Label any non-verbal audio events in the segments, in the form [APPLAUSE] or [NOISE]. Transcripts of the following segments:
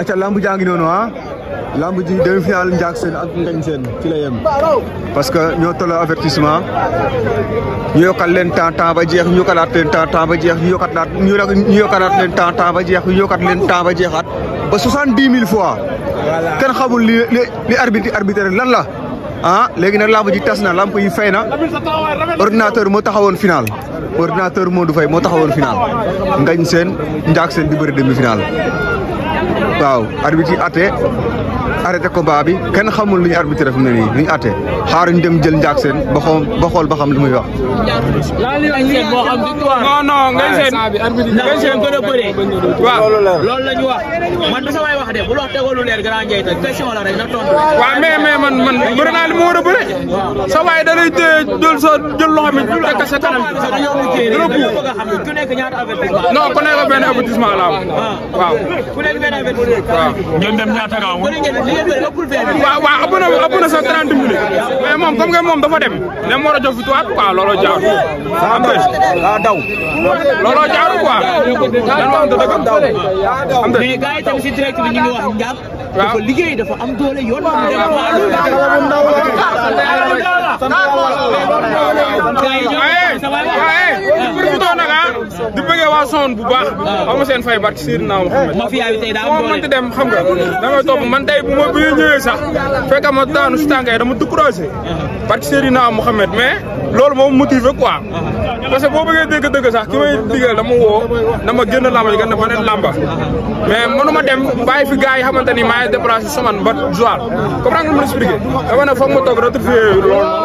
acca lamb jaa noonu ah lamb ji demi final njaak seen ak ngañ seen ci la yem parce que ñoo tolloo avertissement ñu yokkal leen temps temps ba jeex ñu ba jeex ñu yokkat laat ñu yokkalaat leen temps temps ba jeex ñu leen temps ba jeexaat ba soixante-dix mille fois kenn xamul li arbitre lan la a ah, léegi nag lamb ji tas na lamp yi fay na ordinateur moo taxawoon final ordinateur Modou Faye moo taxawoon final ngañ seen njaak seen di bëri demi final waaw arbitre yi atte arrêté combat bi kenn xamul lu ñu fu mu nii lu ñu àtte xaar jël njaag seen ba lu muy wax. non non ngay seen seen gën a bëree. waaw man du bu wax mu war a bëre. sa waay da lay téye jël sa jël loxo ko sa kanam. ku nekk ñaata avertissement. non ku nekk benn waaw waaw ëpp na ëpp na sax 30 minutes mais moom comme que moom dafa dem dem war a jox victoire quoi looloo jaar. saa daa daw. looloo jaar quoi. dañ wax dëgg daw. am na mais gars yi tamit si direct bi ñu ngi wax njàpp. waaw dafa liggéey dafa am doole yoon. waaw waaw damaa sonn bu baax. waaw amu seen fay barke Seydina Muhammad. mafia bi tey daa am doole mënti dem xam nga. damay topp man tey bu ma bu ñëwee sax fekk ma daanu si tàngaay dama dugg roose. Uh-huh. barke Seydina Muhammad mais loolu moom motivé quoi. Uh-huh. parce que boo bëggee dëgg-dëgg sax ki may digal dama woo dama génn lamba ji gën a beneen lamba uh-huh. mais dem bàyyi fi gars yi ni maa ngi déplacé saman ba Joal comprendre nga ma expliqué dama ne foog ma toog retrouver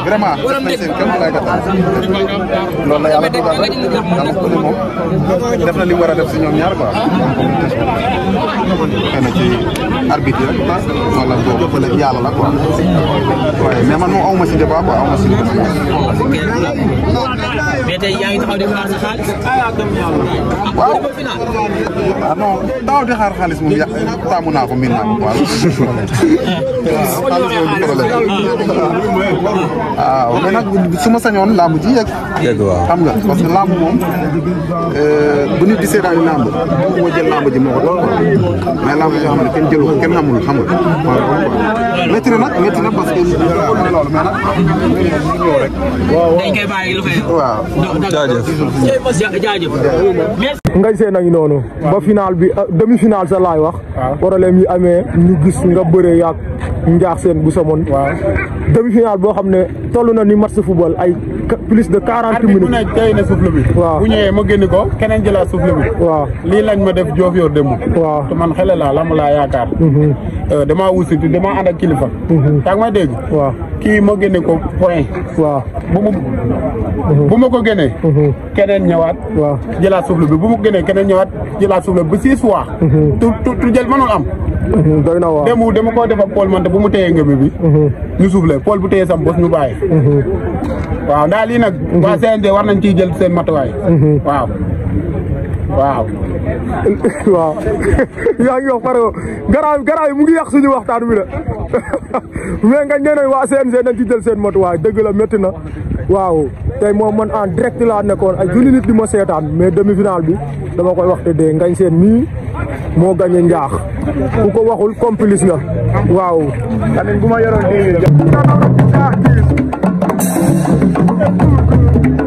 vraiment def nañ seen def na li war a def si ñoom ñaar quoi. xëy na ci arbitre rek ah wala boobu ba léegi yàlla la quoi waaye mais man moom aw si débat quoi si mais tey yaa ah, xaar xaalis. waaw ah taamu naa ko miin naa ko [LAUGHS] waaw ah, mais nag su ma sañoon làmb ji yegg. yegg waaw xam nga parce que làmb moom euh, bu nit di seetaan làmb moo jël làmb ji moo ko doon mais làmb yoo xam ne kenn jëlu ko kenn amul xam nga waaw métti na nag métti na parce loolu mais nag ñëw rek. waaw ngay seen a ngi noonu. ba final bi euh, demi final sa laay wax. waaw problème yi amee ñu gis nga bëree yàgg njaax seen bu samoon. waaw demi final boo xam ne toll na ni match football ay plus de quarante minutes. arbitre bu ne tey na bi. waaw bu ñëwee ma génn ko keneen jëlaat souffle bi. waaw lii lañ ma def joof yor démb. Mhm. Euh, mhm. waaw kii ma génne ko point. waaw bu mhm. ma ko génnee. keneen ñëwaat. waaw génnee keneen ñëwaat jëlaat suuf la ba six fois. Mhm. tu tu tu jël mënul am. Mhm, doy na waaw demu dama koo def ak Paul man te bu mu téyee ngëbi bi. Mhm. ñu suuf la Paul bu téyee sam bos ñu bàyyi. waaw daal lii nag. waa CNG war nañ ciy jël seen matuwaay. waaw waaw. [LAUGHS] waaw [LAUGHS] yaa ngi wax pare garaaw garaaw yi mu ngi yàq suñu waxtaan wi la [LAUGHS] mais nga ñeneen waa CNG nañ ci jël seen matuwaay dëgg la métti na waaw. tey moom man en direct laa nekkoon ay junni nit di ma seetaan mais demi final bi dama koy wax te dee ngañ seen nii moo gañe njaax ku ko waxul complice nga waaw tamit bu ma yoroon